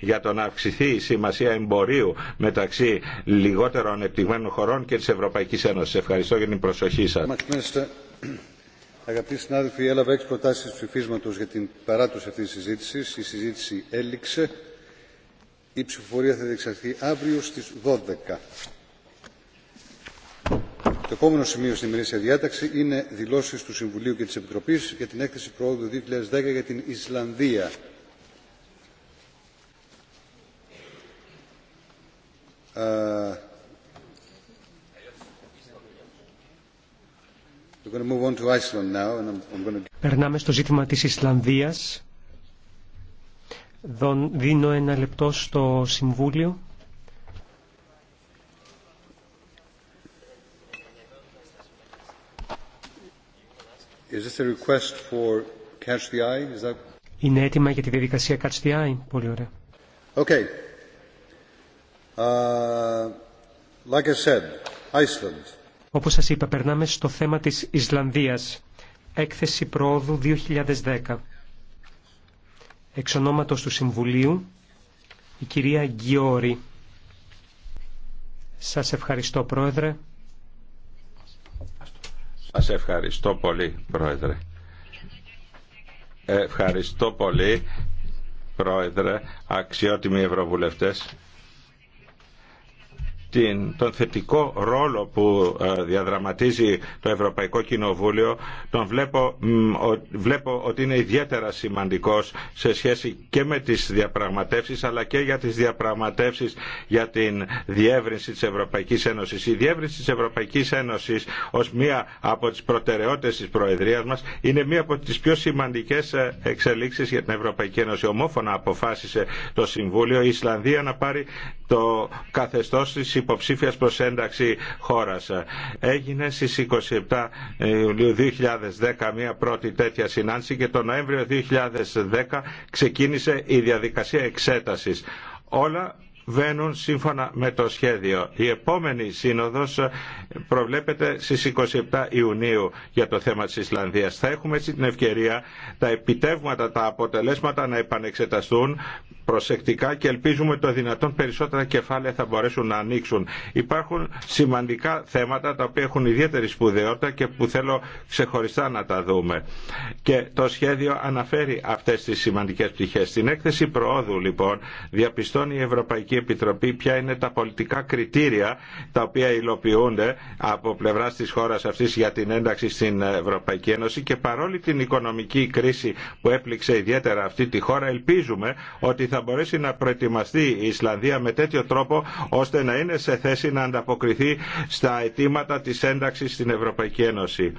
για το να αυξηθεί η σημασία εμπορίου μεταξύ λιγότερων ανεπτυγμένων χωρών και της Ευρωπαϊκής Ένωσης. Ευχαριστώ για την προσοχή σας. Αγαπητοί συνάδελφοι, έλαβα έξι προτάσει ψηφίσματο για την παράτωση αυτή τη συζήτηση. Η συζήτηση έληξε. Η ψηφοφορία θα διεξαρθεί αύριο στι 12. Το επόμενο σημείο στην ημερήσια διάταξη είναι δηλώσει του Συμβουλίου και τη Επιτροπή για την έκθεση προόδου 2010 για την Ισλανδία. Περνάμε στο ζήτημα της Ισλανδίας. Δίνω ένα λεπτό στο Συμβούλιο. Is this a request for catch the eye? Είναι έτοιμα για τη διαδικασία catch the eye. Πολύ ωραία. Okay. Uh, Όπως σας είπα, περνάμε στο θέμα της Ισλανδίας. Έκθεση προόδου 2010. Εξ του Συμβουλίου, η κυρία Γκιόρη. Σας ευχαριστώ, Πρόεδρε. Σας ευχαριστώ πολύ, Πρόεδρε. Ευχαριστώ πολύ, Πρόεδρε, αξιότιμοι Ευρωβουλευτές την, τον θετικό ρόλο που ε, διαδραματίζει το Ευρωπαϊκό Κοινοβούλιο τον βλέπω, βλέπω ότι είναι ιδιαίτερα σημαντικός σε σχέση και με τις διαπραγματεύσεις αλλά και για τις διαπραγματεύσεις για την διεύρυνση της Ευρωπαϊκής Ένωσης. Η διεύρυνση της Ευρωπαϊκής Ένωσης ως μία από τις προτεραιότητες της Προεδρίας μας είναι μία από τις πιο σημαντικές ε, εξελίξεις για την Ευρωπαϊκή Ένωση. Ομόφωνα αποφάσισε το Συμβούλιο η Ισλανδία να πάρει το καθεστώς της υποψήφιας προς ένταξη χώρας. Έγινε στις 27 Ιουλίου 2010 μια πρώτη τέτοια συνάντηση και το Νοέμβριο 2010 ξεκίνησε η διαδικασία εξέτασης. Όλα βαίνουν σύμφωνα με το σχέδιο. Η επόμενη σύνοδος προβλέπεται στις 27 Ιουνίου για το θέμα της Ισλανδίας. Θα έχουμε έτσι την ευκαιρία τα επιτεύγματα, τα αποτελέσματα να επανεξεταστούν προσεκτικά και ελπίζουμε το δυνατόν περισσότερα κεφάλαια θα μπορέσουν να ανοίξουν. Υπάρχουν σημαντικά θέματα τα οποία έχουν ιδιαίτερη σπουδαιότητα και που θέλω ξεχωριστά να τα δούμε. Και το σχέδιο αναφέρει αυτές τις σημαντικές πτυχές. Στην έκθεση προόδου λοιπόν διαπιστώνει η Ευρωπαϊκή Επιτροπή ποια είναι τα πολιτικά κριτήρια τα οποία υλοποιούνται από πλευρά τη χώρα αυτή για την ένταξη στην Ευρωπαϊκή Ένωση και παρόλη την οικονομική κρίση που έπληξε ιδιαίτερα αυτή τη χώρα, ελπίζουμε ότι θα μπορέσει να προετοιμαστεί η Ισλανδία με τέτοιο τρόπο ώστε να είναι σε θέση να ανταποκριθεί στα αιτήματα τη ένταξη στην Ευρωπαϊκή Ένωση.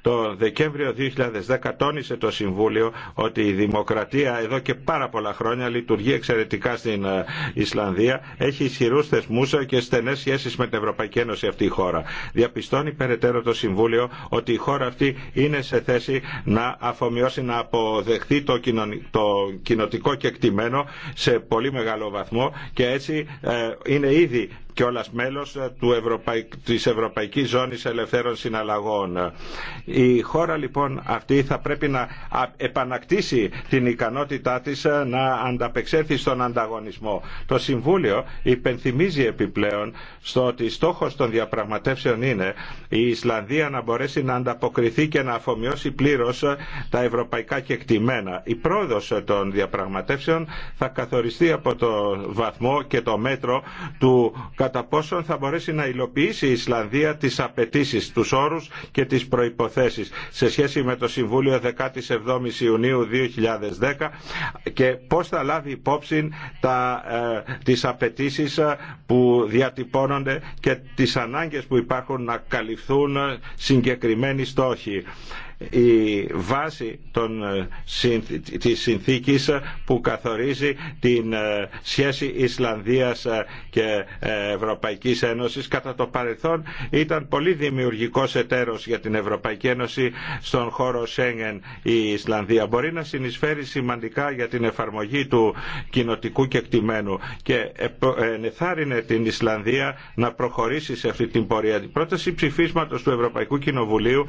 Το Δεκέμβριο 2010 τόνισε το Συμβούλιο ότι η δημοκρατία εδώ και πάρα πολλά χρόνια λειτουργεί εξαιρετικά στην ε, Ισλανδία έχει ισχυρού θεσμού και στενέ σχέσει με την Ευρωπαϊκή Ένωση αυτή η χώρα. Διαπιστώνει περαιτέρω το Συμβούλιο ότι η χώρα αυτή είναι σε θέση να αφομοιώσει, να αποδεχθεί το, το κοινοτικό κεκτημένο σε πολύ μεγάλο βαθμό και έτσι ε, είναι ήδη όλας μέλος ε, του Ευρωπαϊ... της Ευρωπαϊκής Ζώνης Ελευθέρων Συναλλαγών. Η χώρα λοιπόν αυτή θα πρέπει να επανακτήσει την ικανότητά της ε, να ανταπεξέλθει στον ανταγωνισμό. Το Συμβούλιο υπενθυμίζει επιπλέον στο ότι στόχος των διαπραγματεύσεων είναι η Ισλανδία να μπορέσει να ανταποκριθεί και να αφομοιώσει πλήρως ε, τα ευρωπαϊκά κεκτημένα. Η πρόοδος των διαπραγματεύσεων θα καθοριστεί από το βαθμό και το μέτρο του κατά πόσον θα μπορέσει να υλοποιήσει η Ισλανδία τις απαιτήσει, του όρους και τις προϋποθέσεις σε σχέση με το Συμβούλιο 17 Ιουνίου 2010 και πώς θα λάβει υπόψη τα, ε, τις απαιτήσει ε, που διατυπώνονται και τις ανάγκες που υπάρχουν να καλυφθούν συγκεκριμένοι στόχοι η βάση των, ε, της συνθήκης που καθορίζει την ε, σχέση Ισλανδίας ε, και Ευρωπαϊκής Ένωσης. Κατά το παρελθόν ήταν πολύ δημιουργικός εταίρος για την Ευρωπαϊκή Ένωση στον χώρο Σέγγεν η Ισλανδία. Μπορεί να συνεισφέρει σημαντικά για την εφαρμογή του κοινοτικού κεκτημένου και ενεθάρρυνε την Ισλανδία να προχωρήσει σε αυτή την πορεία. Η πρόταση ψηφίσματος του Ευρωπαϊκού Κοινοβουλίου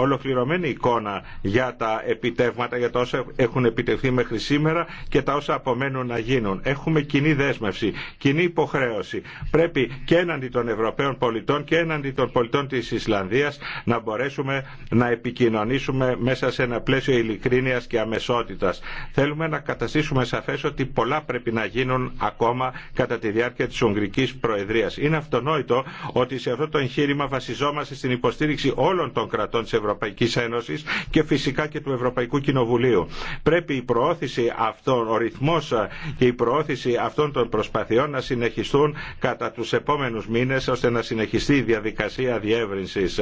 ολοκληρωμένη εικόνα για τα επιτεύγματα, για τα όσα έχουν επιτευχθεί μέχρι σήμερα και τα όσα απομένουν να γίνουν. Έχουμε κοινή δέσμευση, κοινή υποχρέωση. Πρέπει και έναντι των Ευρωπαίων πολιτών και έναντι των πολιτών τη Ισλανδία να μπορέσουμε να επικοινωνήσουμε μέσα σε ένα πλαίσιο ειλικρίνεια και αμεσότητα. Θέλουμε να καταστήσουμε σαφέ ότι πολλά πρέπει να γίνουν ακόμα κατά τη διάρκεια τη Ουγγρική Προεδρία. Είναι αυτονόητο ότι σε αυτό το εγχείρημα βασιζόμαστε στην υποστήριξη όλων των κρατών τη Ευρωπαϊκή. Ευρωπαϊκή Ένωση και φυσικά και του Ευρωπαϊκού Κοινοβουλίου. Πρέπει η προώθηση αυτών, ο ρυθμό και ε, η προώθηση αυτών των προσπαθειών να συνεχιστούν κατά του επόμενου μήνε ώστε να συνεχιστεί η διαδικασία διεύρυνσης.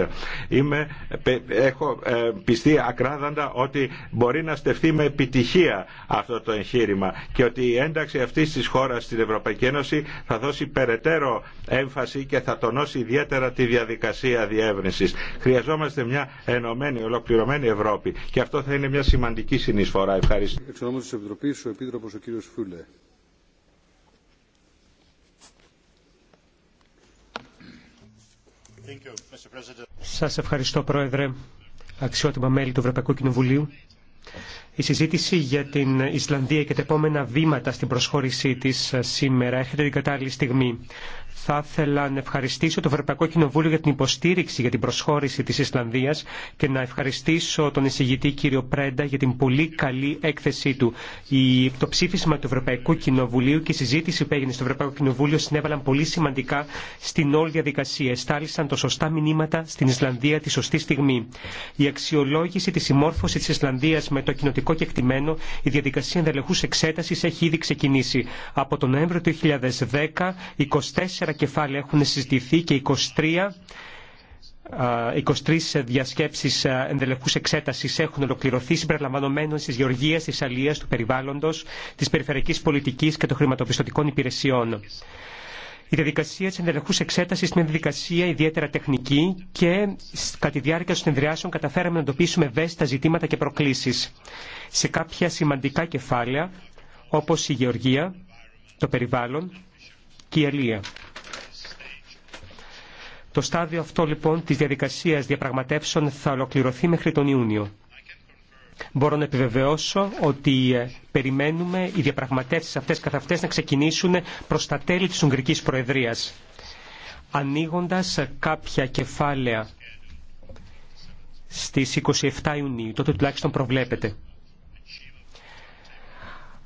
έχω ε, πιστεί ακράδαντα ότι μπορεί να στεφθεί με επιτυχία αυτό το εγχείρημα και ότι η ένταξη αυτή τη χώρα στην Ευρωπαϊκή Ένωση θα δώσει περαιτέρω έμφαση και θα τονώσει ιδιαίτερα τη διαδικασία διεύρυνση. Χρειαζόμαστε μια ενωμένη, ολοκληρωμένη Ευρώπη. Και αυτό θα είναι μια σημαντική συνεισφορά. Ευχαριστώ. Εξ τη Επιτροπή, ο Επίτροπο ο Σας ευχαριστώ Πρόεδρε, αξιότιμα μέλη του Ευρωπαϊκού Κοινοβουλίου. Η συζήτηση για την Ισλανδία και τα επόμενα βήματα στην προσχώρησή της ε, σήμερα έρχεται την κατάλληλη στιγμή. Θα ήθελα να ευχαριστήσω το Ευρωπαϊκό Κοινοβούλιο για την υποστήριξη για την προσχώρηση της Ισλανδίας και να ευχαριστήσω τον εισηγητή κύριο Πρέντα για την πολύ καλή έκθεσή του. Η, το ψήφισμα του Ευρωπαϊκού Κοινοβουλίου και η συζήτηση που έγινε στο Ευρωπαϊκό Κοινοβούλιο συνέβαλαν πολύ σημαντικά στην όλη διαδικασία. Εστάλησαν τα σωστά μηνύματα στην Ισλανδία τη σωστή στιγμή. Η αξιολόγηση τη συμμόρφωση τη Ισλανδία με το κοινοτικό κεκτημένο, η διαδικασία ενδελεχού εξέταση έχει ήδη ξεκινήσει. Από τον Νοέμβριο του 2010, 24 24 κεφάλαια έχουν συζητηθεί και 23 23 ενδελεχού εξέταση εξέταση έχουν ολοκληρωθεί συμπεριλαμβανομένων τη γεωργία τη αλληλεία, του περιβάλλοντο, τη περιφερειακή πολιτική και των χρηματοπιστωτικών υπηρεσιών. Η διαδικασία τη ενδελεχού εξέταση είναι μια διαδικασία ιδιαίτερα τεχνική και κατά τη διάρκεια των συνεδριάσεων καταφέραμε να εντοπίσουμε ευαίσθητα ζητήματα και προκλήσει. Σε κάποια σημαντικά κεφάλαια, όπω η γεωργία, το περιβάλλον και η αλληλεία. Το στάδιο αυτό λοιπόν της διαδικασίας διαπραγματεύσεων θα ολοκληρωθεί μέχρι τον Ιούνιο. Μπορώ να επιβεβαιώσω ότι ε, περιμένουμε οι διαπραγματεύσεις αυτές καθ' αυτές να ξεκινήσουν προς τα τέλη της Ουγγρικής Προεδρίας, ανοίγοντας κάποια κεφάλαια στις 27 Ιουνίου, τότε τουλάχιστον προβλέπεται.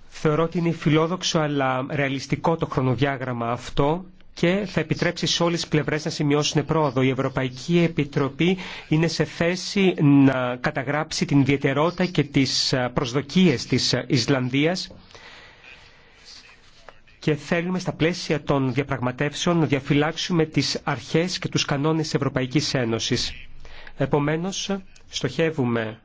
Θεωρώ ότι είναι φιλόδοξο αλλά ρεαλιστικό το χρονοδιάγραμμα αυτό και θα επιτρέψει σε όλες τις πλευρές να σημειώσουν πρόοδο. Η Ευρωπαϊκή Επιτροπή είναι σε θέση να καταγράψει την ιδιαιτερότητα και τις προσδοκίες της Ισλανδίας και θέλουμε στα πλαίσια των διαπραγματεύσεων να διαφυλάξουμε τις αρχές και τους κανόνες της Ευρωπαϊκής Ένωσης. Επομένως, στοχεύουμε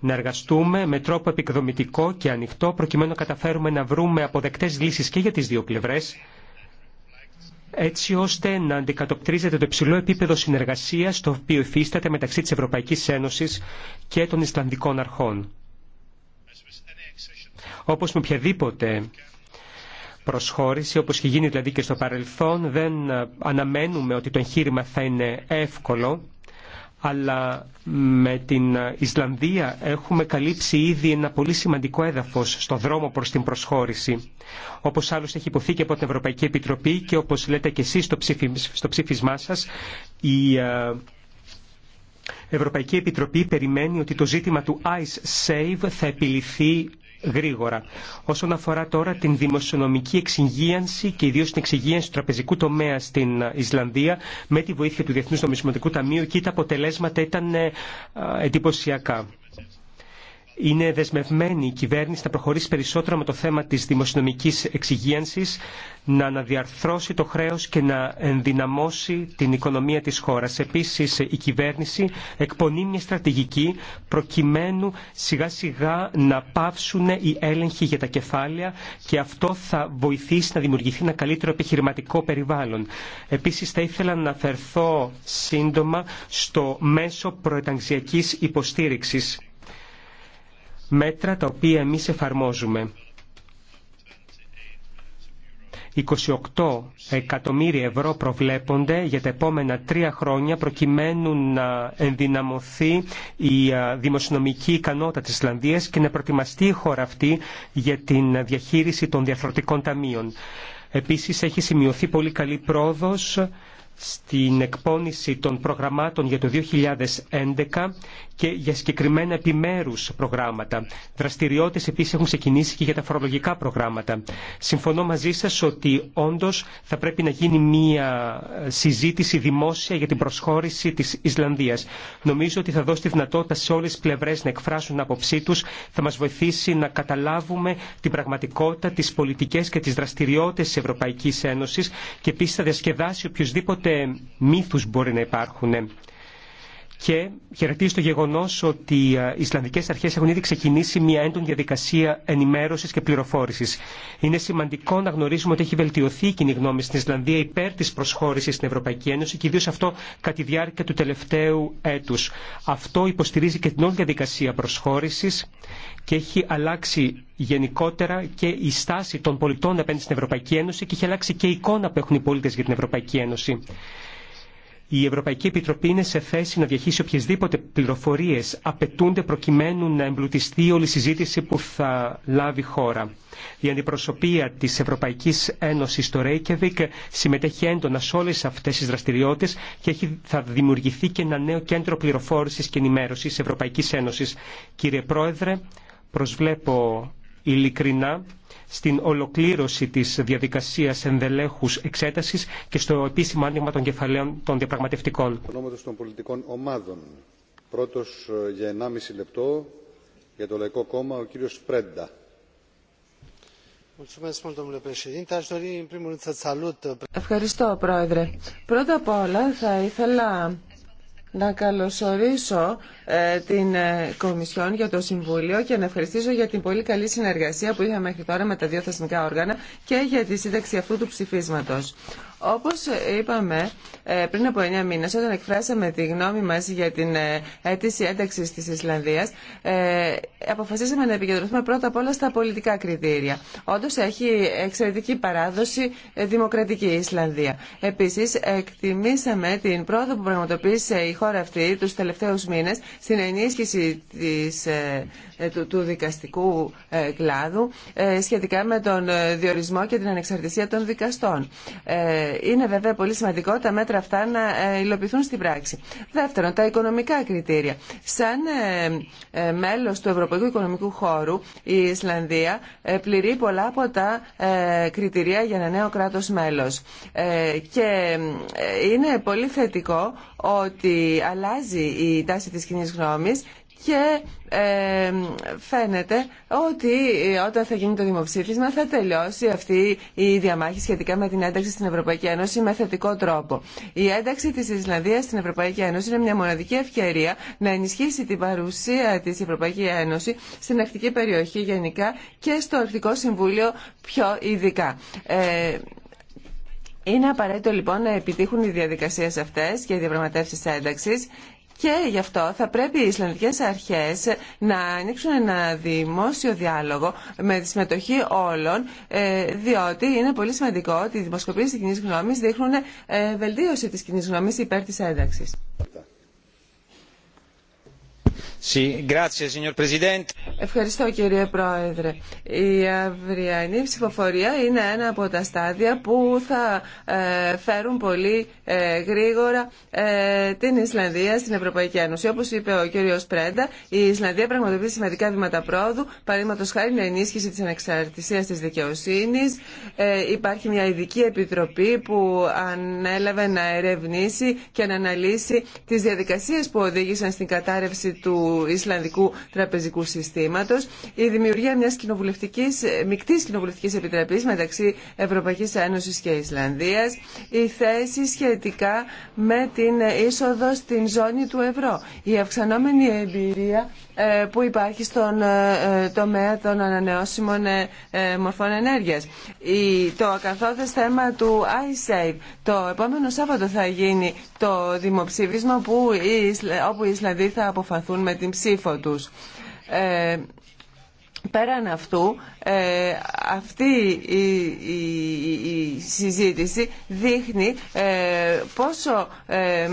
να εργαστούμε με τρόπο επικδομητικό και ανοιχτό προκειμένου να καταφέρουμε να βρούμε αποδεκτές λύσεις και για τις δύο πλευρές έτσι ώστε να αντικατοπτρίζεται το υψηλό επίπεδο συνεργασίας το οποίο υφίσταται μεταξύ της Ευρωπαϊκής Ένωσης και των Ισλανδικών αρχών. Όπως με οποιαδήποτε προσχώρηση, όπως έχει γίνει δηλαδή και στο παρελθόν, δεν αναμένουμε ότι το εγχείρημα θα είναι εύκολο αλλά με την Ισλανδία έχουμε καλύψει ήδη ένα πολύ σημαντικό έδαφος στο δρόμο προς την προσχώρηση. Όπως άλλωστε έχει υποθεί και από την Ευρωπαϊκή Επιτροπή και όπως λέτε και εσείς στο ψήφισμά σας, η ε, Ευρωπαϊκή Επιτροπή περιμένει ότι το ζήτημα του ICE-SAVE θα επιληθεί γρήγορα. Όσον αφορά τώρα την δημοσιονομική εξυγίανση και ιδίω την εξυγίανση του τραπεζικού τομέα στην ε, Ισλανδία με τη βοήθεια του Διεθνούς Νομισματικού Ταμείου, εκεί τα αποτελέσματα ήταν ε, ε, εντυπωσιακά είναι δεσμευμένη η κυβέρνηση να προχωρήσει περισσότερο με το θέμα της δημοσιονομικής εξυγίανσης, να αναδιαρθρώσει το χρέος και να ενδυναμώσει την οικονομία της χώρας. Επίσης, η κυβέρνηση εκπονεί μια στρατηγική προκειμένου σιγά-σιγά να πάυσουν οι έλεγχοι για τα κεφάλαια και αυτό θα βοηθήσει να δημιουργηθεί ένα καλύτερο επιχειρηματικό περιβάλλον. Επίσης, θα ήθελα να αναφερθώ σύντομα στο μέσο προεταγξιακής υποστήριξης μέτρα τα οποία εμείς εφαρμόζουμε. 28 εκατομμύρια ευρώ προβλέπονται για τα επόμενα τρία χρόνια προκειμένου να ενδυναμωθεί η δημοσιονομική ικανότητα της Ισλανδίας και να προετοιμαστεί η χώρα αυτή για την διαχείριση των διαφορετικών ταμείων. Επίσης έχει σημειωθεί πολύ καλή πρόοδος στην εκπόνηση των προγραμμάτων για το 2011 και για συγκεκριμένα επιμέρους προγράμματα. Δραστηριότητες επίσης έχουν ξεκινήσει και για τα φορολογικά προγράμματα. Συμφωνώ μαζί σας ότι όντως θα πρέπει να γίνει μία συζήτηση δημόσια για την προσχώρηση της Ισλανδίας. Νομίζω ότι θα δώσει τη δυνατότητα σε όλες τις πλευρές να εκφράσουν άποψή τους, θα μας βοηθήσει να καταλάβουμε την πραγματικότητα, τις πολιτικές και τις δραστηριότητες της Ευρωπαϊκής Ένωσης και επίσης θα διασκεδάσει οποιοδήποτε ούτε μύθους μπορεί να υπάρχουν και χαιρετίζει το γεγονό ότι ε, οι Ισλανδικέ Αρχέ έχουν ήδη ξεκινήσει μια έντονη διαδικασία ενημέρωση και πληροφόρηση. Είναι σημαντικό να γνωρίζουμε ότι έχει βελτιωθεί η κοινή γνώμη στην Ισλανδία υπέρ τη προσχώρηση στην Ευρωπαϊκή Ένωση και ιδίω αυτό κατά τη διάρκεια του τελευταίου έτου. Αυτό υποστηρίζει και την όλη διαδικασία προσχώρηση και έχει αλλάξει γενικότερα και η στάση των πολιτών απέναντι στην Ευρωπαϊκή Ένωση και έχει αλλάξει και η εικόνα που έχουν οι πολίτε για την Ευρωπαϊκή Ένωση η Ευρωπαϊκή Επιτροπή είναι σε θέση να διαχείσει οποιασδήποτε πληροφορίε απαιτούνται προκειμένου να εμπλουτιστεί όλη η συζήτηση που θα λάβει χώρα. Η αντιπροσωπεία τη Ευρωπαϊκή Ένωση στο Ρέικεβικ συμμετέχει έντονα σε όλε αυτέ τις δραστηριότητε και έχει, θα δημιουργηθεί και ένα νέο κέντρο πληροφόρηση και ενημέρωση Ευρωπαϊκή Ένωση. Κύριε Πρόεδρε, προσβλέπω ειλικρινά στην ολοκλήρωση της διαδικασίας ενδελέχους εξέτασης και στο επίσημο άνοιγμα των κεφαλαίων των διαπραγματευτικών. Ονόματος των πολιτικών ομάδων. Πρώτος ε, για 1,5 λεπτό για το Λαϊκό Κόμμα ο κύριος Πρέντα. Ευχαριστώ, Πρόεδρε. Πρώτα απ' όλα θα ήθελα να καλωσορίσω ε, την ε, Κομισιόν για το Συμβούλιο και να ευχαριστήσω για την πολύ καλή συνεργασία που είχαμε μέχρι τώρα με τα δύο θεσμικά όργανα και για τη σύνταξη αυτού του ψηφίσματος. Όπως είπαμε ε, πριν από 9 μήνες όταν εκφράσαμε τη γνώμη μας για την ε, αίτηση ένταξης της Ισλανδίας ε, αποφασίσαμε να επικεντρωθούμε πρώτα απ' όλα στα πολιτικά κριτήρια. Όντως έχει εξαιρετική παράδοση δημοκρατική η Ισλανδία. Επίσης εκτιμήσαμε την πρόοδο που πραγματοποίησε η χώρα αυτή τους τελευταίους μήνες στην ενίσχυση της ε, του δικαστικού ε, κλάδου ε, σχετικά με τον διορισμό και την ανεξαρτησία των δικαστών. Είναι βέβαια πολύ σημαντικό τα μέτρα αυτά να υλοποιηθούν στην πράξη. Δεύτερον, τα οικονομικά κριτήρια. Σαν μέλος του Ευρωπαϊκού Οικονομικού Χώρου, η Ισλανδία πληρεί πολλά από τα κριτηρία για ένα νέο κράτος μέλος. Και είναι πολύ θετικό ότι αλλάζει η τάση της κοινή γνώμης και ε, φαίνεται ότι όταν θα γίνει το δημοψήφισμα θα τελειώσει αυτή η διαμάχη σχετικά με την ένταξη στην Ευρωπαϊκή Ένωση με θετικό τρόπο. Η ένταξη της Ισλανδίας στην Ευρωπαϊκή Ένωση είναι μια μοναδική ευκαιρία να ενισχύσει την παρουσία της Ευρωπαϊκή Ένωση στην ακτική περιοχή γενικά και στο Αρκτικό Συμβούλιο πιο ειδικά. Ε, είναι απαραίτητο λοιπόν να επιτύχουν οι διαδικασίες αυτές και οι διαπραγματεύσεις ένταξης και γι' αυτό θα πρέπει οι Ισλανδικέ αρχές να ανοίξουν ένα δημόσιο διάλογο με τη συμμετοχή όλων, ε, διότι είναι πολύ σημαντικό ότι οι δημοσκοπήσει τη κοινή γνώμη δείχνουν ε, βελτίωση τη κοινή γνώμη υπέρ τη ένταξη. Ευχαριστώ κύριε Πρόεδρε. Η αυριανή ψηφοφορία είναι ένα από τα στάδια που θα ε, φέρουν πολύ ε, γρήγορα ε, την Ισλανδία στην Ευρωπαϊκή Ένωση. Όπως είπε ο κύριος Πρέντα, η Ισλανδία πραγματοποιεί σημαντικά βήματα πρόοδου, παραδείγματο χάρη είναι ενίσχυση τη ανεξαρτησία της δικαιοσύνης. Υπάρχει μια ειδική επιτροπή που ανέλαβε να ερευνήσει και να αναλύσει τις διαδικασίες που οδήγησαν στην κατάρρευση του του Ισλανδικού τραπεζικού συστήματος, η δημιουργία μιας κοινοβουλευτικής, μικτής κοινοβουλευτικής μεταξύ Ευρωπαϊκής Ένωσης και Ισλανδίας, η θέση σχετικά με την είσοδο στην ζώνη του ευρώ, η αυξανόμενη εμπειρία ε, που υπάρχει στον ε, ε, τομέα των ανανεώσιμων μορφών ενέργειας. Το ακαθόδες θέμα του iSafe. Το επόμενο Σάββατο θα γίνει το δημοψήφισμα όπου οι Ισλανδοί θα αποφαθούν με την ψήφο τους. Πέραν αυτού, ε, αυτή η, συζήτηση δείχνει ε, πόσο, ε,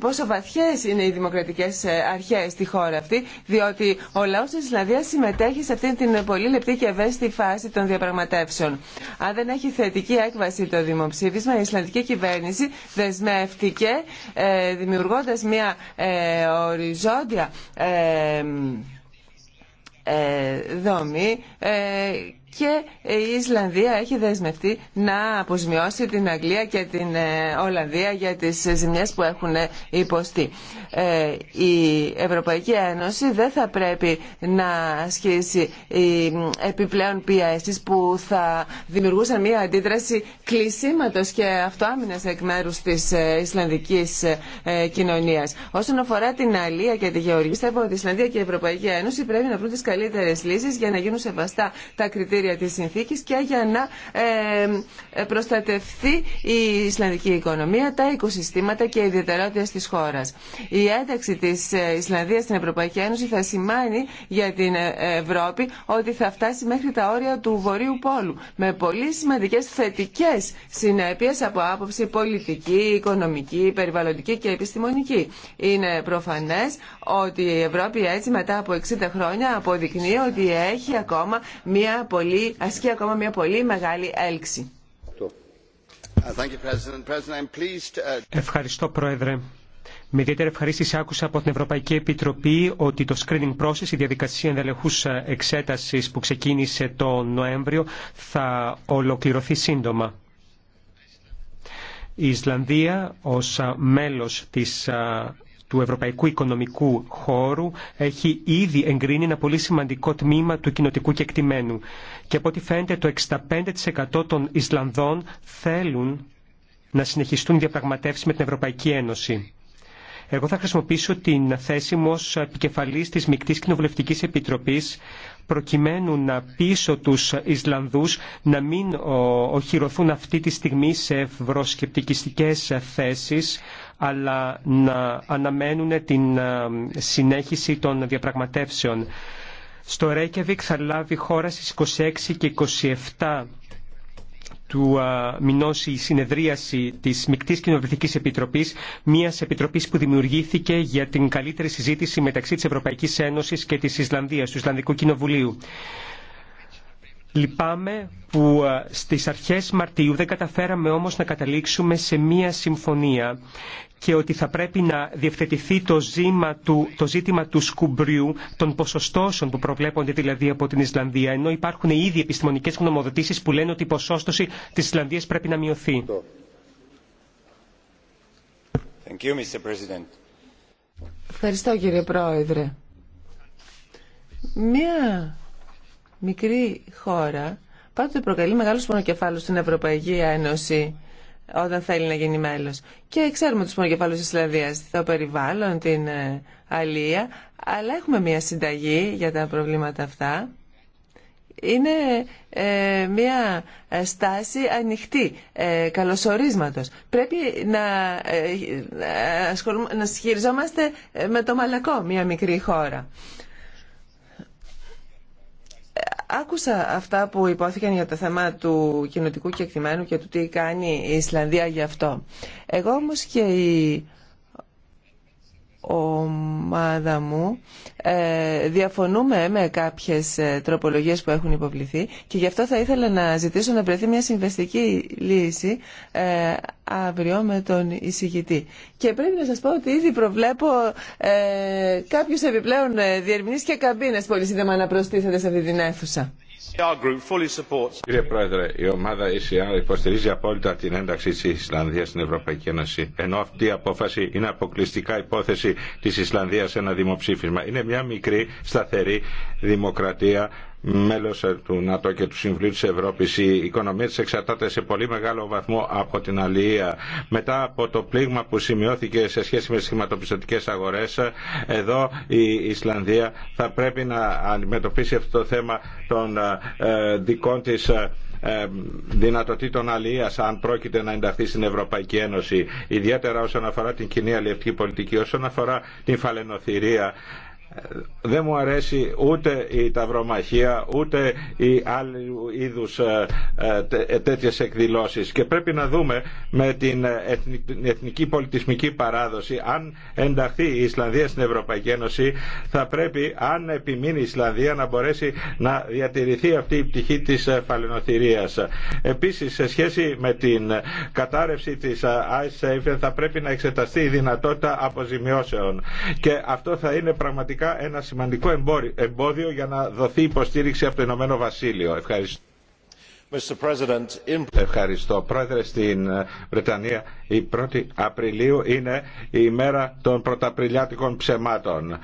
πόσο βαθιές είναι οι δημοκρατικές ε, αρχές στη χώρα αυτή, διότι ο λαός της Ισλανδίας συμμετέχει σε αυτή την πολύ λεπτή και ευαίσθητη φάση των διαπραγματεύσεων. Αν δεν έχει θετική έκβαση το δημοψήφισμα, η Ισλανδική κυβέρνηση δεσμεύτηκε, δημιουργώντας μια οριζόντια ε, δομή και η Ισλανδία έχει δεσμευτεί να αποσμιώσει την Αγγλία και την ε, Ολλανδία για τις ζημιές που έχουν ε, υποστεί. Ε, η Ευρωπαϊκή Ένωση δεν θα πρέπει να ασχίσει επιπλέον πιέσεις που θα δημιουργούσαν μια αντίδραση κλεισίματος και αυτοάμυνας εκ μέρους της Ισλανδικής κοινωνίας. Όσον αφορά την Αλία και τη Γεωργία, πιστεύω ότι η Ισλανδία και η Ευρωπαϊκή Ένωση πρέπει να βρουν τις καλύτερες λύσεις για να γίνουν σεβαστά τα κριτήρια κριτήρια της συνθήκης και για να ε, ε, προστατευθεί η Ισλανδική οικονομία, τα οικοσυστήματα και οι ιδιαιτερότητες της χώρας. Η ένταξη της ε, Ισλανδίας στην Ευρωπαϊκή Ένωση θα σημάνει για την Ευρώπη ότι θα φτάσει μέχρι τα όρια του Βορείου Πόλου με πολύ σημαντικές θετικές συνέπειες από άποψη πολιτική, οικονομική, περιβαλλοντική και επιστημονική. Είναι προφανές ότι η Ευρώπη έτσι μετά από 60 χρόνια αποδεικνύει ότι έχει ακόμα μια πολύ, ασκεί ακόμα μια πολύ μεγάλη έλξη. Ευχαριστώ Πρόεδρε. Με ιδιαίτερη ευχαρίστηση άκουσα από την Ευρωπαϊκή Επιτροπή ότι το screening process, η διαδικασία ενδελεχούς εξέτασης που ξεκίνησε τον Νοέμβριο, θα ολοκληρωθεί σύντομα. Η Ισλανδία ως μέλος της του Ευρωπαϊκού Οικονομικού Χώρου έχει ήδη εγκρίνει ένα πολύ σημαντικό τμήμα του κοινοτικού κεκτημένου. Και από ό,τι φαίνεται το 65% των Ισλανδών θέλουν να συνεχιστούν διαπραγματεύσεις με την Ευρωπαϊκή Ένωση. Εγώ θα χρησιμοποιήσω την θέση μου ως επικεφαλής της Μικτής Κοινοβουλευτικής Επιτροπής προκειμένου να πείσω τους Ισλανδούς να μην οχυρωθούν αυτή τη στιγμή σε ευρωσκεπτικιστικές θέσεις αλλά να αναμένουν την ε, συνέχιση των διαπραγματεύσεων. Στο Ρέκεβικ θα λάβει χώρα στις 26 και 27 του μηνός η συνεδρίαση της Μικτής Κοινοβουλευτικής Επιτροπής, μιας επιτροπής που δημιουργήθηκε για την καλύτερη συζήτηση μεταξύ της Ευρωπαϊκής Ένωσης και της Ισλανδίας, του Ισλανδικού Κοινοβουλίου. Λυπάμαι που ε, στις αρχές Μαρτίου δεν καταφέραμε όμως να καταλήξουμε σε μία συμφωνία και ότι θα πρέπει να διευθετηθεί το, του, το ζήτημα του σκουμπριού των ποσοστώσεων που προβλέπονται δηλαδή από την Ισλανδία ενώ υπάρχουν ήδη επιστημονικές γνωμοδοτήσεις που λένε ότι η ποσόστοση της Ισλανδίας πρέπει να μειωθεί. Ευχαριστώ κύριε Πρόεδρε. Μία μικρή χώρα πάντοτε προκαλεί μεγάλους πονοκεφάλους στην Ευρωπαϊκή Ένωση όταν θέλει να γίνει μέλος. Και ξέρουμε τους πονοκεφάλους της Ισλανδίας, το περιβάλλον, την ε, αλία, αλλά έχουμε μια συνταγή για τα προβλήματα αυτά. Είναι ε, μια ε, στάση ανοιχτή, ε, καλωσορίσματος. Πρέπει να, ε, να, να με το μαλακό μια μικρή χώρα. Άκουσα αυτά που υπόθηκαν για το θέμα του κοινοτικού κεκτημένου και του τι κάνει η Ισλανδία γι' αυτό. Εγώ όμως και η ομάδα μου ε, διαφωνούμε με κάποιες ε, τροπολογίες που έχουν υποβληθεί και γι' αυτό θα ήθελα να ζητήσω να βρεθεί μια συμβεστική λύση ε, αύριο με τον εισηγητή. Και πρέπει να σας πω ότι ήδη προβλέπω ε, κάποιους επιπλέον ε, διερμηνείς και καμπίνες πολύ σύντομα να προστίθεται σε αυτή την αίθουσα. E Κύριε Πρόεδρε, η ομάδα ECR υποστηρίζει απόλυτα την ένταξη τη Ισλανδία στην Ευρωπαϊκή Ένωση. Ενώ αυτή η απόφαση είναι αποκλειστικά υπόθεση τη Ισλανδία σε ένα δημοψήφισμα. Είναι μια μικρή, σταθερή δημοκρατία μέλος ε, του ΝΑΤΟ και του Συμβουλίου της Ευρώπης η οικονομία της εξαρτάται σε πολύ μεγάλο βαθμό από την αλληλεία. Μετά από το πλήγμα που σημειώθηκε σε σχέση με τις χρηματοπιστωτικές αγορές ε, εδώ η Ισλανδία θα πρέπει να αντιμετωπίσει αυτό το θέμα των ε, δικών της δυνατοτήτων αλληλεία αν πρόκειται να ενταχθεί στην Ευρωπαϊκή Ένωση. Ιδιαίτερα όσον αφορά την κοινή αλληλευτική πολιτική, όσον αφορά την φαλαινοθυρία δεν μου αρέσει ούτε η ταυρομαχία ούτε οι άλλοι είδους ε, ε, τέτοιες εκδηλώσεις και πρέπει να δούμε με την εθνική πολιτισμική παράδοση αν ενταχθεί η Ισλανδία στην Ευρωπαϊκή Ένωση θα πρέπει αν επιμείνει η Ισλανδία να μπορέσει να διατηρηθεί αυτή η πτυχή της ε, φαλαινοθυρίας. Επίσης σε σχέση με την κατάρρευση της ISAF θα πρέπει να εξεταστεί η δυνατότητα αποζημιώσεων και αυτό θα είναι πραγματικά πραγματικά ένα σημαντικό εμπόδιο για να δοθεί υποστήριξη από το Ηνωμένο Βασίλειο. Ευχαριστώ. Ευχαριστώ. Πρόεδρε, στην ε, Βρετανία η 1η Απριλίου είναι η ημέρα των πρωταπριλιάτικων ψεμάτων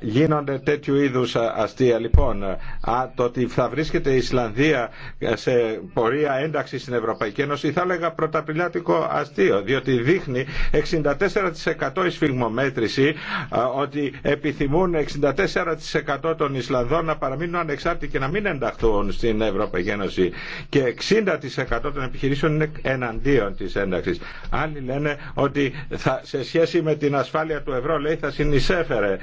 γίνονται τέτοιου είδους αστεία. Λοιπόν, α, το ότι θα βρίσκεται η Ισλανδία σε πορεία ένταξη στην Ευρωπαϊκή Ένωση θα έλεγα πρωταπηλιάτικο αστείο, διότι δείχνει 64% η σφιγμομέτρηση ότι επιθυμούν 64% των Ισλανδών να παραμείνουν ανεξάρτητοι και να μην ενταχθούν στην Ευρωπαϊκή Ένωση και 60% των επιχειρήσεων είναι εναντίον της ένταξης. Άλλοι λένε ότι θα, σε σχέση με την ασφάλεια του ευρώ λέει θα συνεισέφερε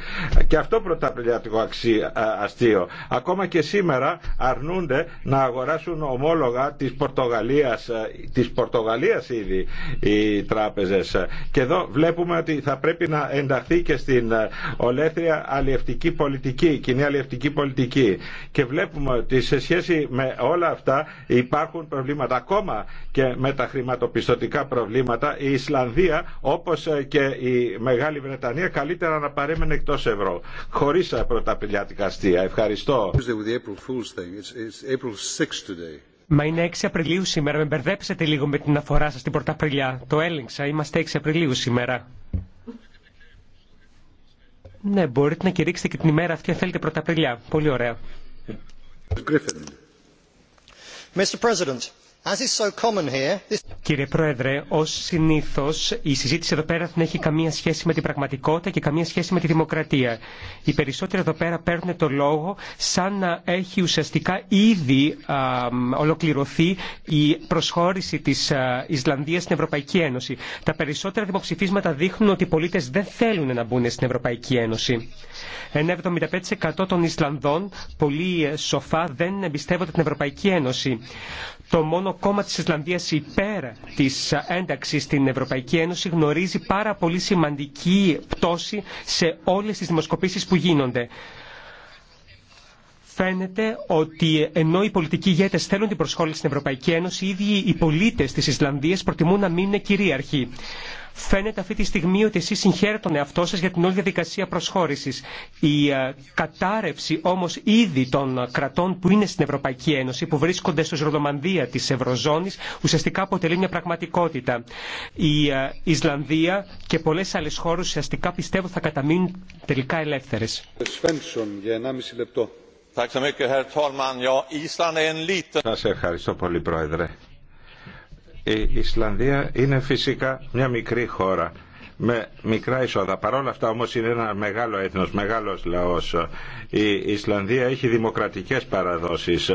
και αυτό πρωταπληκτικό αστείο. Ακόμα και σήμερα αρνούνται να αγοράσουν ομόλογα της Πορτογαλίας, της Πορτογαλίας ήδη οι τράπεζες. Και εδώ βλέπουμε ότι θα πρέπει να ενταχθεί και στην ολέθρια αλλιευτική πολιτική, κοινή αλλιευτική πολιτική. Και βλέπουμε ότι σε σχέση με όλα αυτά υπάρχουν προβλήματα ακόμα και με τα χρηματοπιστωτικά προβλήματα. Η Ισλανδία όπως ε, και η Μεγάλη Βρετανία καλύτερα να παρέμενε εκτός ευρώ χωρίς πρωταπηλιάτικα αστεία. Ευχαριστώ. Μα είναι 6 Απριλίου σήμερα. Με μπερδέψετε λίγο με την αφορά σας την Πρωταπριλιά. Το έλεγξα. Είμαστε 6 Απριλίου σήμερα. Ναι, μπορείτε να κηρύξετε και την ημέρα αυτή αν θέλετε Πρωταπριλιά. Πολύ ωραία. Mr. President, Κύριε Πρόεδρε, ω συνήθω η συζήτηση εδώ πέρα δεν έχει καμία σχέση με την πραγματικότητα και καμία σχέση με τη δημοκρατία. Οι περισσότεροι εδώ πέρα παίρνουν το λόγο σαν να έχει ουσιαστικά ήδη α, ολοκληρωθεί η προσχώρηση τη Ισλανδία στην Ευρωπαϊκή Ένωση. Τα περισσότερα δημοψηφίσματα δείχνουν ότι οι πολίτε δεν θέλουν να μπουν στην Ευρωπαϊκή Ένωση. Ένα 75% των Ισλανδών πολύ σοφά δεν εμπιστεύονται την Ευρωπαϊκή Ένωση το μόνο κόμμα της Ισλανδίας υπέρ της ένταξης στην Ευρωπαϊκή Ένωση γνωρίζει πάρα πολύ σημαντική πτώση σε όλες τις δημοσκοπήσεις που γίνονται. Φαίνεται ότι ενώ οι πολιτικοί ηγέτε θέλουν την προσχόληση στην Ευρωπαϊκή Ένωση, ήδη οι πολίτε τη Ισλανδία προτιμούν να μην είναι κυρίαρχοι. Φαίνεται αυτή τη στιγμή ότι εσείς συγχαίρετε τον εαυτό σας για την όλη διαδικασία προσχώρησης. Η ε, κατάρρευση όμως ήδη των κρατών που είναι στην Ευρωπαϊκή Ένωση, που βρίσκονται στο Ζουρδομανδία της Ευρωζώνης, ουσιαστικά αποτελεί μια πραγματικότητα. Η ε, Ισλανδία και πολλές άλλες χώρες ουσιαστικά πιστεύω θα καταμείνουν τελικά ελεύθερες. ευχαριστώ πολύ, η Ισλανδία είναι φυσικά μια μικρή χώρα με μικρά εισόδα. Παρόλα αυτά όμως είναι ένα μεγάλο έθνος, μεγάλος λαός. Η Ισλανδία έχει δημοκρατικές παραδόσεις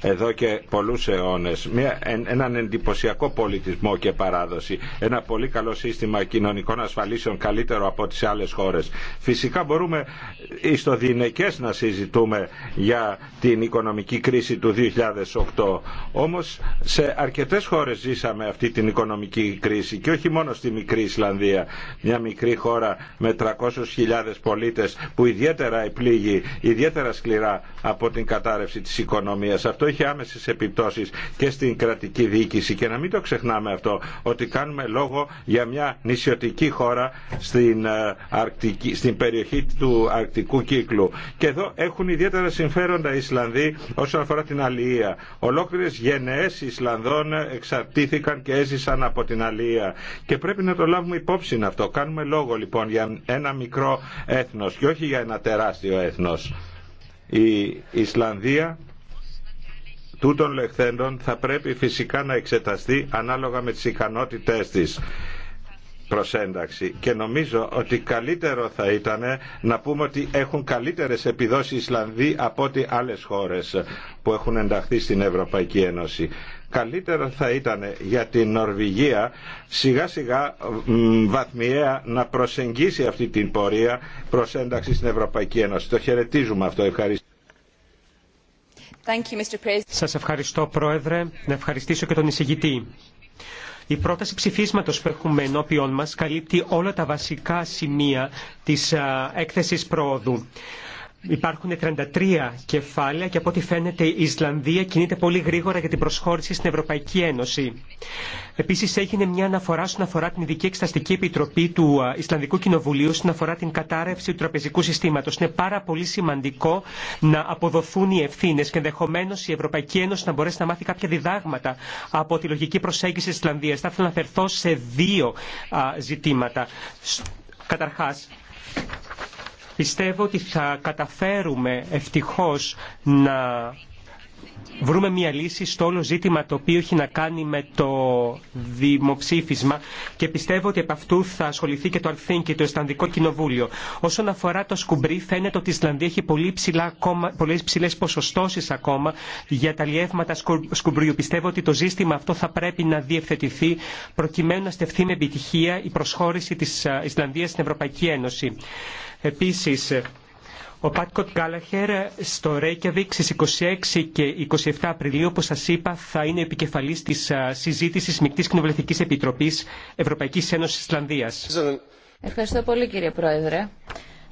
εδώ και πολλούς αιώνες. Μια, έναν εντυπωσιακό πολιτισμό και παράδοση. Ένα πολύ καλό σύστημα κοινωνικών ασφαλίσεων καλύτερο από τις άλλες χώρες. Φυσικά μπορούμε ιστοδυναικές να συζητούμε για την οικονομική κρίση του 2008. Όμως σε αρκετές χώρες ζήσαμε αυτή την οικονομική κρίση και όχι μόνο στη μικρή Ισλανδία μια μικρή χώρα με 300.000 πολίτες που ιδιαίτερα επλήγει, ιδιαίτερα σκληρά από την κατάρρευση της οικονομίας. Αυτό έχει άμεσες επιπτώσεις και στην κρατική διοίκηση και να μην το ξεχνάμε αυτό ότι κάνουμε λόγο για μια νησιωτική χώρα στην, ε, Αρκτική, στην περιοχή του Αρκτικού κύκλου. Και εδώ έχουν ιδιαίτερα συμφέροντα οι Ισλανδοί όσον αφορά την αλληλεία. Ολόκληρες γενναίες Ισλανδών εξαρτήθηκαν και έζησαν από την αλληλεία. Και πρέπει να το λάβουμε υπόψη αυτό. Κάνουμε λόγο λοιπόν για ένα μικρό έθνος και όχι για ένα τεράστιο έθνος. Η Ισλανδία τούτων λεχθέντων θα πρέπει φυσικά να εξεταστεί ανάλογα με τις ικανότητές της προσένταξη και νομίζω ότι καλύτερο θα ήταν να πούμε ότι έχουν καλύτερες επιδόσεις Ισλανδοί από ό,τι άλλες χώρες που έχουν ενταχθεί στην Ευρωπαϊκή Ένωση. Καλύτερα θα ήταν για την Νορβηγία σιγά σιγά βαθμιαία να προσεγγίσει αυτή την πορεία προς ένταξη στην Ευρωπαϊκή Ένωση. Το χαιρετίζουμε αυτό. Ευχαριστώ. Σας ευχαριστώ Πρόεδρε. Να ευχαριστήσω και τον εισηγητή. Η πρόταση ψηφίσματο που έχουμε ενώπιον μας καλύπτει όλα τα βασικά σημεία της έκθεση πρόοδου. Υπάρχουν 33 κεφάλαια και από ό,τι φαίνεται η Ισλανδία κινείται πολύ γρήγορα για την προσχώρηση στην Ευρωπαϊκή Ένωση. Επίση έγινε μια αναφορά στον αφορά την Ειδική Εξεταστική Επιτροπή του Ισλανδικού Κοινοβουλίου στον αφορά την κατάρρευση του τραπεζικού συστήματο. Είναι πάρα πολύ σημαντικό να αποδοθούν οι ευθύνε και ενδεχομένω η Ευρωπαϊκή Ένωση να μπορέσει να μάθει κάποια διδάγματα από τη λογική προσέγγιση τη Ισλανδία. Θα ήθελα να φερθώ σε δύο ζητήματα. Καταρχά, Πιστεύω ότι θα καταφέρουμε ευτυχώς να βρούμε μια λύση στο όλο ζήτημα το οποίο έχει να κάνει με το δημοψήφισμα και πιστεύω ότι από αυτού θα ασχοληθεί και το και το Ισλανδικό Κοινοβούλιο. Όσον αφορά το σκουμπρί, φαίνεται ότι η Ισλανδία έχει πολύ ψηλά ακόμα, πολλές ψηλές ποσοστώσεις ακόμα για τα λιεύματα σκουμπρίου. Πιστεύω ότι το ζήτημα αυτό θα πρέπει να διευθετηθεί προκειμένου να στεφθεί με επιτυχία η προσχώρηση της ε, Ισλανδίας στην Ευρωπαϊκή Ένωση. Επίσης, ο Πάτκοτ Γκάλαχερ στο Ρέικιαβικ στις 26 και 27 Απριλίου, όπως σας είπα, θα είναι επικεφαλής της συζήτησης Μικτής Κοινοβουλευτικής Επιτροπής Ευρωπαϊκής Ένωσης Ισλανδίας. Ευχαριστώ πολύ κύριε Πρόεδρε.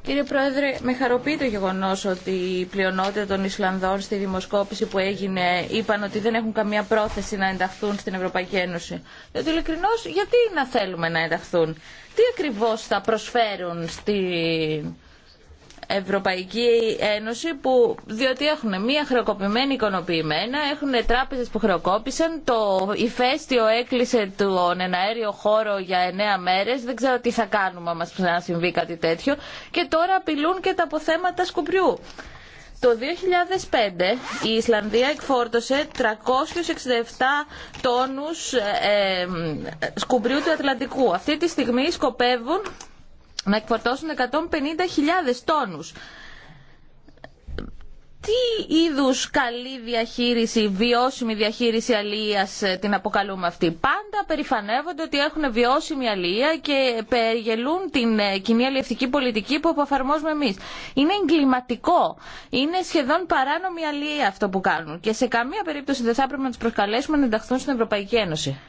Κύριε Πρόεδρε, με χαροποιεί το γεγονό ότι η πλειονότητα των Ισλανδών στη δημοσκόπηση που έγινε είπαν ότι δεν έχουν καμία πρόθεση να ενταχθούν στην Ευρωπαϊκή Ένωση. Διότι ειλικρινώ, γιατί να θέλουμε να ενταχθούν, τι ακριβώ θα προσφέρουν στην Ευρωπαϊκή Ένωση που διότι έχουν μία χρεοκοπημένη οικονοποιημένα, έχουν τράπεζες που χρεοκόπησαν, το ηφαίστειο έκλεισε τον εναέριο χώρο για εννέα μέρες, δεν ξέρω τι θα κάνουμε άμα να συμβεί κάτι τέτοιο και τώρα απειλούν και τα αποθέματα σκουπριού. Το 2005 η Ισλανδία εκφόρτωσε 367 τόνους ε, ε σκουμπριού του Ατλαντικού. Αυτή τη στιγμή σκοπεύουν να εκφορτώσουν 150.000 τόνους. Τι είδους καλή διαχείριση, βιώσιμη διαχείριση αλίας ε, την αποκαλούμε αυτή. Πάντα περηφανεύονται ότι έχουν βιώσιμη αλία και περιγελούν την ε, κοινή αλληλευτική πολιτική που αποφαρμόζουμε εμείς. Είναι εγκληματικό. Είναι σχεδόν παράνομη αλία αυτό που κάνουν. Και σε καμία περίπτωση δεν θα έπρεπε να τους προσκαλέσουμε να ενταχθούν στην Ευρωπαϊκή Ένωση.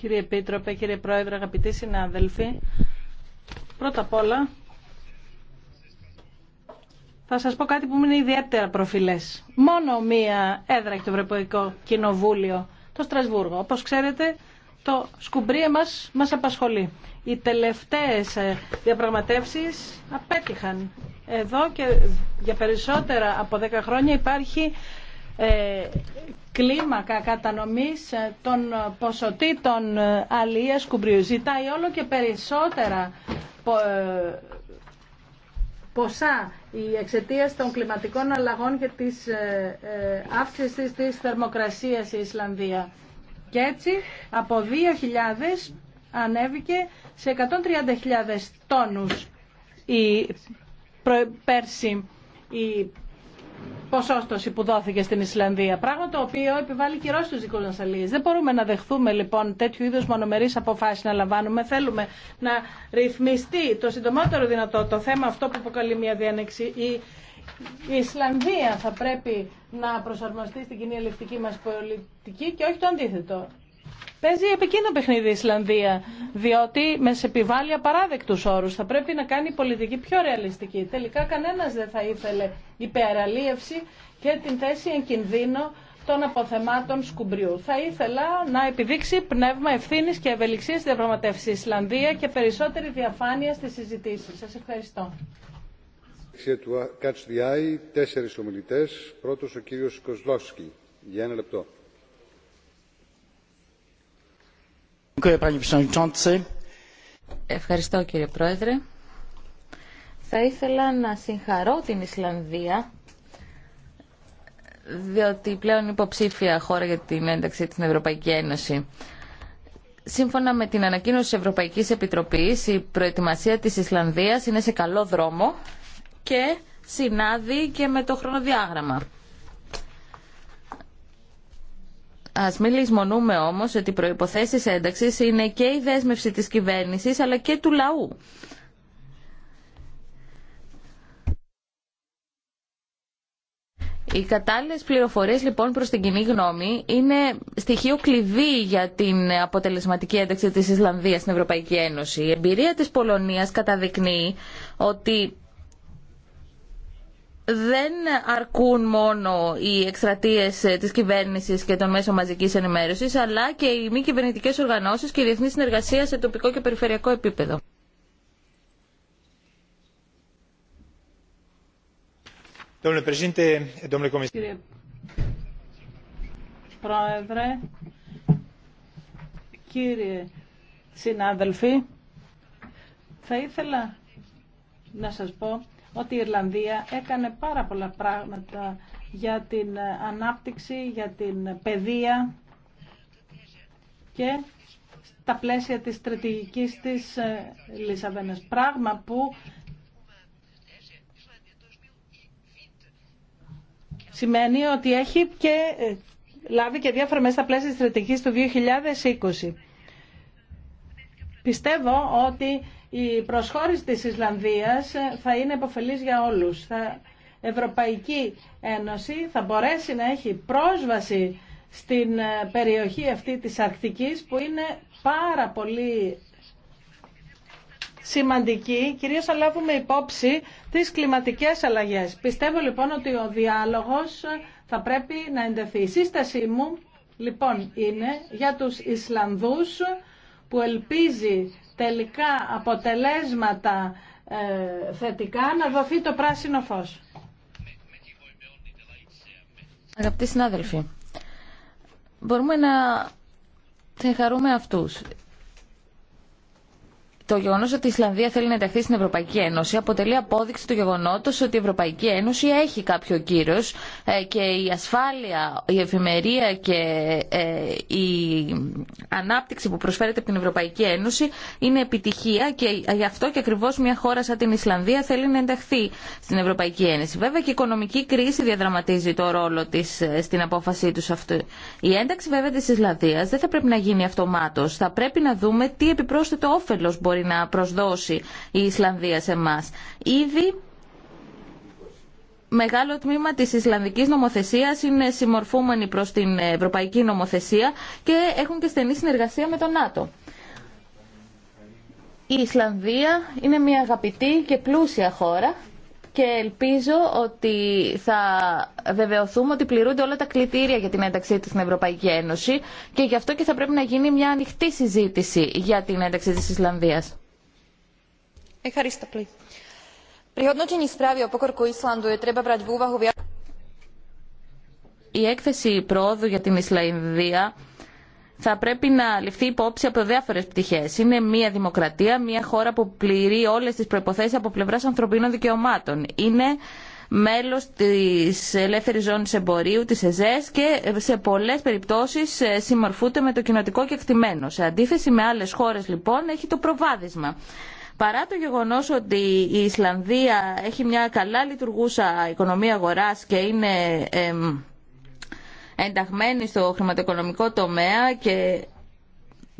Κύριε Επίτροπε, κύριε Πρόεδρε, αγαπητοί συνάδελφοι, πρώτα απ' όλα θα σας πω κάτι που μου είναι ιδιαίτερα προφιλές. Μόνο μία έδρα έχει το Ευρωπαϊκό Κοινοβούλιο, το Στρασβούργο. Όπως ξέρετε, το σκουμπρί μας μας απασχολεί. Οι τελευταίες ε, διαπραγματεύσεις απέτυχαν. Εδώ και για περισσότερα από 10 χρόνια υπάρχει ε, κλίμακα κατανομής ε, των ποσοτήτων ε, αλίας κουμπρίου. Ζητάει όλο και περισσότερα ποσά η εξαιτία των κλιματικών αλλαγών και της αύξησης της θερμοκρασίας η Ισλανδία. Και έτσι από 2.000 ανέβηκε σε 130.000 τόνους η πέρσι η ποσόστοση που δόθηκε στην Ισλανδία. Πράγμα το οποίο επιβάλλει κυρώ στου δικού μα Δεν μπορούμε να δεχθούμε λοιπόν τέτοιου είδου μονομερεί αποφάσει να λαμβάνουμε. Θέλουμε να ρυθμιστεί το συντομότερο δυνατό το θέμα αυτό που αποκαλεί μια διένεξη. Η Ισλανδία θα πρέπει να προσαρμοστεί στην κοινή ελευθερική μας πολιτική και όχι το αντίθετο. Παίζει επικίνδυνο παιχνίδι η Ισλανδία, διότι με σε επιβάλλει απαράδεκτου όρου Θα πρέπει να κάνει η πολιτική πιο ρεαλιστική. Τελικά κανένας δεν θα ήθελε υπεραλίευση και την θέση εν κινδύνο των αποθεμάτων σκουμπριού. Θα ήθελα να επιδείξει πνεύμα ευθύνη και ευελιξία στην διαπραγματεύση Ισλανδία και περισσότερη διαφάνεια στι συζητήσει. Σα ευχαριστώ. τέσσερι ομιλητέ. Πρώτο ο Για ένα λεπτό. Ευχαριστώ κύριε Πρόεδρε. Θα ήθελα να συγχαρώ την Ισλανδία διότι πλέον υποψήφια χώρα για την ένταξη στην Ευρωπαϊκή Ένωση. Σύμφωνα με την ανακοίνωση της Ευρωπαϊκής Επιτροπής, η προετοιμασία της Ισλανδίας είναι σε καλό δρόμο και συνάδει και με το χρονοδιάγραμμα. Α μην λησμονούμε όμως ότι οι προποθέσει ένταξης είναι και η δέσμευση τη κυβέρνηση, αλλά και του λαού. Οι κατάλληλες πληροφορίες λοιπόν προς την κοινή γνώμη είναι στοιχείο κλειδί για την αποτελεσματική ένταξη της Ισλανδίας στην Ευρωπαϊκή Ένωση. Η εμπειρία της Πολωνίας καταδεικνύει ότι δεν αρκούν μόνο οι εκστρατείε ε, τη κυβέρνηση και των μέσων μαζική ενημέρωση, αλλά και οι μη κυβερνητικέ οργανώσει και η διεθνή συνεργασία σε τοπικό και περιφερειακό επίπεδο. Κύριε Πρόεδρε, κύριε συνάδελφοι, θα ήθελα να σας πω ότι η Ιρλανδία έκανε πάρα πολλά πράγματα για την ανάπτυξη, για την παιδεία και τα πλαίσια της στρατηγικής της ε, Λισαβένας. Πράγμα που σημαίνει ότι έχει και ε, λάβει και διάφορα μέσα στα πλαίσια της στρατηγικής του 2020. Πιστεύω ότι η προσχώρηση της Ισλανδίας ε, θα είναι επωφελής για όλους. Θα, Ευρωπαϊκή Ένωση θα μπορέσει να έχει πρόσβαση στην ε, περιοχή αυτή της Αρκτικής που είναι πάρα πολύ σημαντική, κυρίως θα λάβουμε υπόψη τις κλιματικές αλλαγές. Πιστεύω λοιπόν ότι ο διάλογος ε, θα πρέπει να εντεθεί. Η σύστασή μου λοιπόν είναι για τους Ισλανδούς που ελπίζει τελικά αποτελέσματα ε, θετικά να δοθεί το πράσινο φως. Αγαπητοί συνάδελφοι, μπορούμε να συγχαρούμε αυτούς το γεγονό ότι η Ισλανδία θέλει να ενταχθεί στην Ευρωπαϊκή Ένωση αποτελεί απόδειξη του γεγονότο ότι η Ευρωπαϊκή Ένωση έχει κάποιο κύρο ε, και η ασφάλεια, η εφημερία και ε, η ανάπτυξη που προσφέρεται από την Ευρωπαϊκή Ένωση είναι επιτυχία και γι' αυτό και ακριβώ μια χώρα σαν την Ισλανδία θέλει να ενταχθεί στην Ευρωπαϊκή Ένωση. Βέβαια και η οικονομική κρίση διαδραματίζει το ρόλο τη ε, στην απόφασή του αυτού. Η ένταξη βέβαια τη Ισλανδία δεν θα πρέπει να γίνει αυτομάτω. Θα πρέπει να δούμε τι επιπρόσθετο όφελο μπορεί μπορεί να προσδώσει η Ισλανδία σε εμά. Ήδη μεγάλο τμήμα της Ισλανδικής νομοθεσίας είναι συμμορφούμενοι προς την Ευρωπαϊκή νομοθεσία και έχουν και στενή συνεργασία με τον ΝΑΤΟ. Η Ισλανδία είναι μια αγαπητή και πλούσια χώρα και ελπίζω ότι θα βεβαιωθούμε ότι πληρούνται όλα τα κλητήρια για την ένταξή του στην Ευρωπαϊκή Ένωση και γι' αυτό και θα πρέπει να γίνει μια ανοιχτή συζήτηση για την ένταξη της Ισλανδίας. Ευχαριστώ Η έκθεση πρόοδου για την Ισλανδία θα πρέπει να ληφθεί υπόψη από διάφορε πτυχέ. Είναι μια δημοκρατία, μια χώρα που πληρεί όλε τι προποθέσει από πλευρά ανθρωπίνων δικαιωμάτων. Είναι μέλος της ελεύθερης ζώνης εμπορίου, της ΕΖΕΣ και σε πολλές περιπτώσεις ε, συμμορφούνται με το κοινοτικό κεκτημένο. Σε αντίθεση με άλλες χώρες λοιπόν έχει το προβάδισμα. Παρά το γεγονός ότι η Ισλανδία έχει μια καλά λειτουργούσα οικονομία αγοράς και είναι ενταγμένοι στο χρηματοοικονομικό τομέα και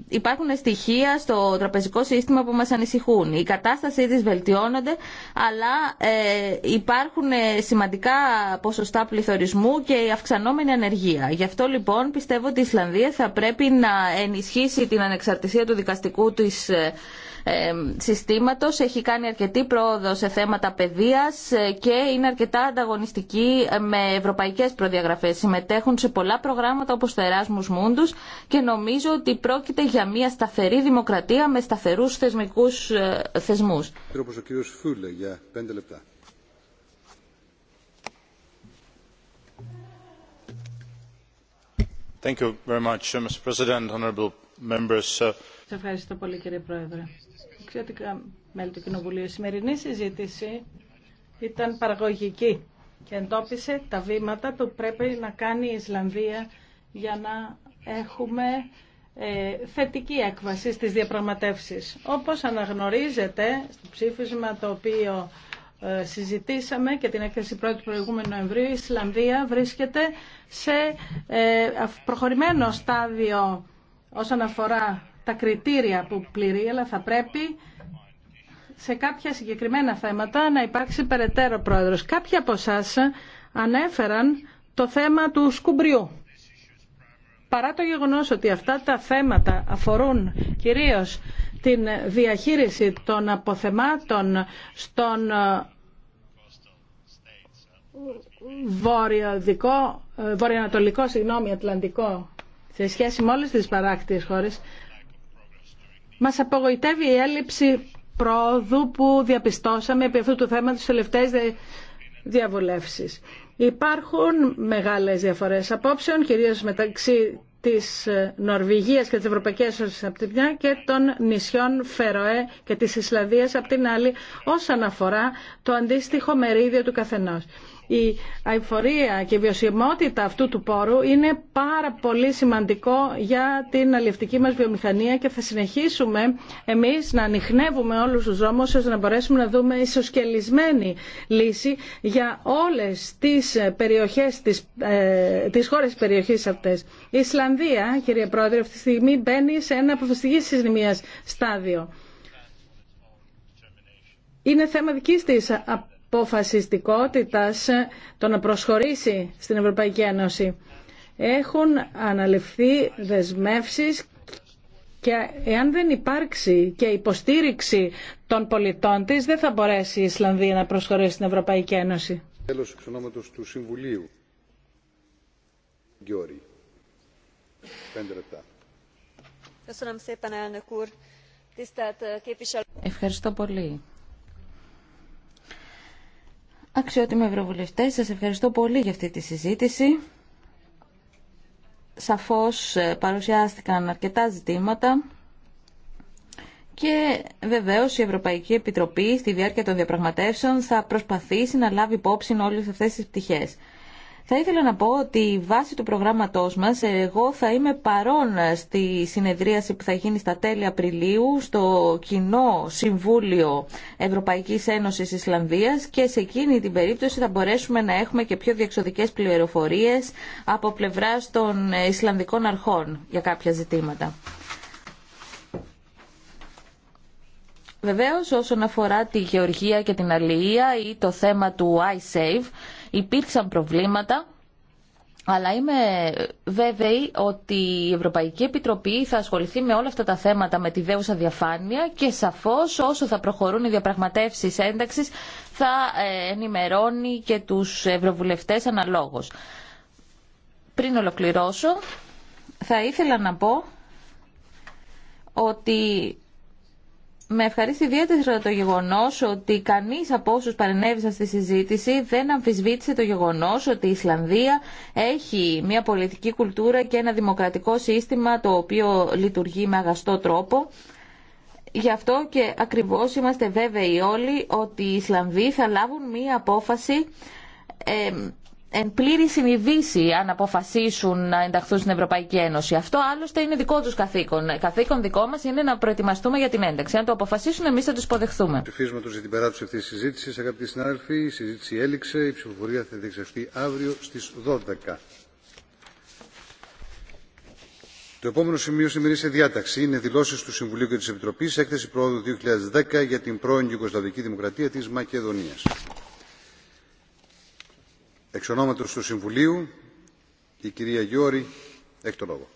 υπάρχουν στοιχεία στο τραπεζικό σύστημα που μας ανησυχούν. Η κατάστασή της βελτιώνονται, αλλά ε, υπάρχουν ε, σημαντικά ποσοστά πληθωρισμού και η αυξανόμενη ανεργία. Γι' αυτό λοιπόν πιστεύω ότι η Ισλανδία θα πρέπει να ενισχύσει την ανεξαρτησία του δικαστικού της ε, ε, συστήματος. Έχει κάνει αρκετή πρόοδο σε θέματα παιδείας ε, και είναι αρκετά ανταγωνιστική με ευρωπαϊκές προδιαγραφές. Συμμετέχουν σε πολλά προγράμματα όπως το Erasmus Mundus και νομίζω ότι πρόκειται για μια σταθερή δημοκρατία με σταθερούς θεσμικούς ε, θεσμούς. Thank you very much, Mr. President, members. ευχαριστώ πολύ κύριε Πρόεδρε εξαιρετικά μέλη του Κοινοβουλίου. Η σημερινή συζήτηση ήταν παραγωγική και εντόπισε τα βήματα που πρέπει να κάνει η Ισλανδία για να έχουμε ε, θετική έκβαση στις διαπραγματεύσεις. Όπως αναγνωρίζετε στο ψήφισμα το οποίο ε, συζητήσαμε και την έκθεση πρώτη προηγούμενου Νοεμβρίου, η Ισλανδία βρίσκεται σε ε, προχωρημένο στάδιο όσον αφορά τα κριτήρια που πληρεί, αλλά θα πρέπει σε κάποια συγκεκριμένα θέματα να υπάρξει περαιτέρω πρόεδρος. Κάποιοι από εσά ανέφεραν το θέμα του σκουμπριού. Παρά το γεγονός ότι αυτά τα θέματα αφορούν κυρίως την διαχείριση των αποθεμάτων στον ε, ε, βορειοανατολικό, συγγνώμη, Ατλαντικό, σε σχέση με όλες τις παράκτιες χώρες, μας απογοητεύει η έλλειψη πρόοδου που διαπιστώσαμε επί αυτού του θέματος στις τελευταίες διαβουλεύσεις. Υπάρχουν μεγάλες διαφορές απόψεων, κυρίως μεταξύ της ε, Νορβηγίας και της Ευρωπαϊκής Ένωσης από τη μια και των νησιών Φεροέ και της Ισλανδίας από την άλλη όσον αφορά το αντίστοιχο μερίδιο του καθενός η αηφορία και η βιωσιμότητα αυτού του πόρου είναι πάρα πολύ σημαντικό για την αλληλευτική μας βιομηχανία και θα συνεχίσουμε εμείς να ανοιχνεύουμε όλους τους δρόμους ώστε να μπορέσουμε να δούμε ισοσκελισμένη λύση για όλες τις περιοχές, της ε, τις χώρες περιοχής αυτές. Η Ισλανδία, κύριε Πρόεδρε, αυτή τη στιγμή μπαίνει σε ένα αποφασιστική συζημίας στάδιο. Είναι θέμα δικής της αποφασιστικότητας το να προσχωρήσει στην Ευρωπαϊκή Ένωση. Έχουν αναλυφθεί δεσμεύσεις και εάν δεν υπάρξει και υποστήριξη των πολιτών της δεν θα μπορέσει η Ισλανδία να προσχωρήσει στην Ευρωπαϊκή Ένωση. Τέλος του Συμβουλίου. Ευχαριστώ πολύ. Αξιότιμοι Ευρωβουλευτές, σας ευχαριστώ πολύ για αυτή τη συζήτηση. Σαφώς ε, παρουσιάστηκαν αρκετά ζητήματα και βεβαίως η Ευρωπαϊκή Επιτροπή στη διάρκεια των διαπραγματεύσεων θα προσπαθήσει να λάβει υπόψη όλες αυτές τις πτυχές. Θα ήθελα να πω ότι βάσει του προγράμματός μας εγώ θα είμαι παρόν στη συνεδρίαση που θα γίνει στα τέλη Απριλίου στο Κοινό Συμβούλιο Ευρωπαϊκής Ένωσης Ισλανδίας και σε εκείνη την περίπτωση θα μπορέσουμε να έχουμε και πιο διεξοδικές πληροφορίες από πλευράς των Ισλανδικών αρχών για κάποια ζητήματα. Βεβαίως όσον αφορά τη γεωργία και την αλληλεία ή το θέμα του iSave, Υπήρξαν προβλήματα, αλλά είμαι βέβαιη ότι η Ευρωπαϊκή Επιτροπή θα ασχοληθεί με όλα αυτά τα θέματα με τη δέουσα διαφάνεια και σαφώς όσο θα προχωρούν οι διαπραγματεύσεις ένταξης θα ε, ενημερώνει και τους ευρωβουλευτές αναλόγως. Πριν ολοκληρώσω, θα ήθελα να πω ότι με ευχαριστή ιδιαίτερα το γεγονό ότι κανεί από όσου παρενέβησαν στη συζήτηση δεν αμφισβήτησε το γεγονό ότι η Ισλανδία έχει μια πολιτική κουλτούρα και ένα δημοκρατικό σύστημα το οποίο λειτουργεί με αγαστό τρόπο. Γι' αυτό και ακριβώς είμαστε βέβαιοι όλοι ότι οι Ισλανδοί θα λάβουν μία απόφαση ε, εν πλήρη συνειδήσει αν αποφασίσουν να ενταχθούν στην Ευρωπαϊκή Ένωση. Αυτό άλλωστε είναι δικό του καθήκον. Καθήκον δικό μα είναι να προετοιμαστούμε για την ένταξη. Αν το αποφασίσουν, εμεί θα του υποδεχθούμε. Ψηφίσματο για την περάτωση αυτή τη συζήτηση, αγαπητοί συνάδελφοι, η συζήτηση έληξε. Η ψηφοφορία θα διεξαχθεί αύριο στι 12. Το επόμενο σημείο σήμερα σε διάταξη είναι δηλώσει του Συμβουλίου και τη Επιτροπή, έκθεση προόδου 2010 για την πρώην Ιουγκοσλαβική Δημοκρατία τη Μακεδονία. Εξ ονόματος του Συμβουλίου, η κυρία Γιώρη έχει το λόγο.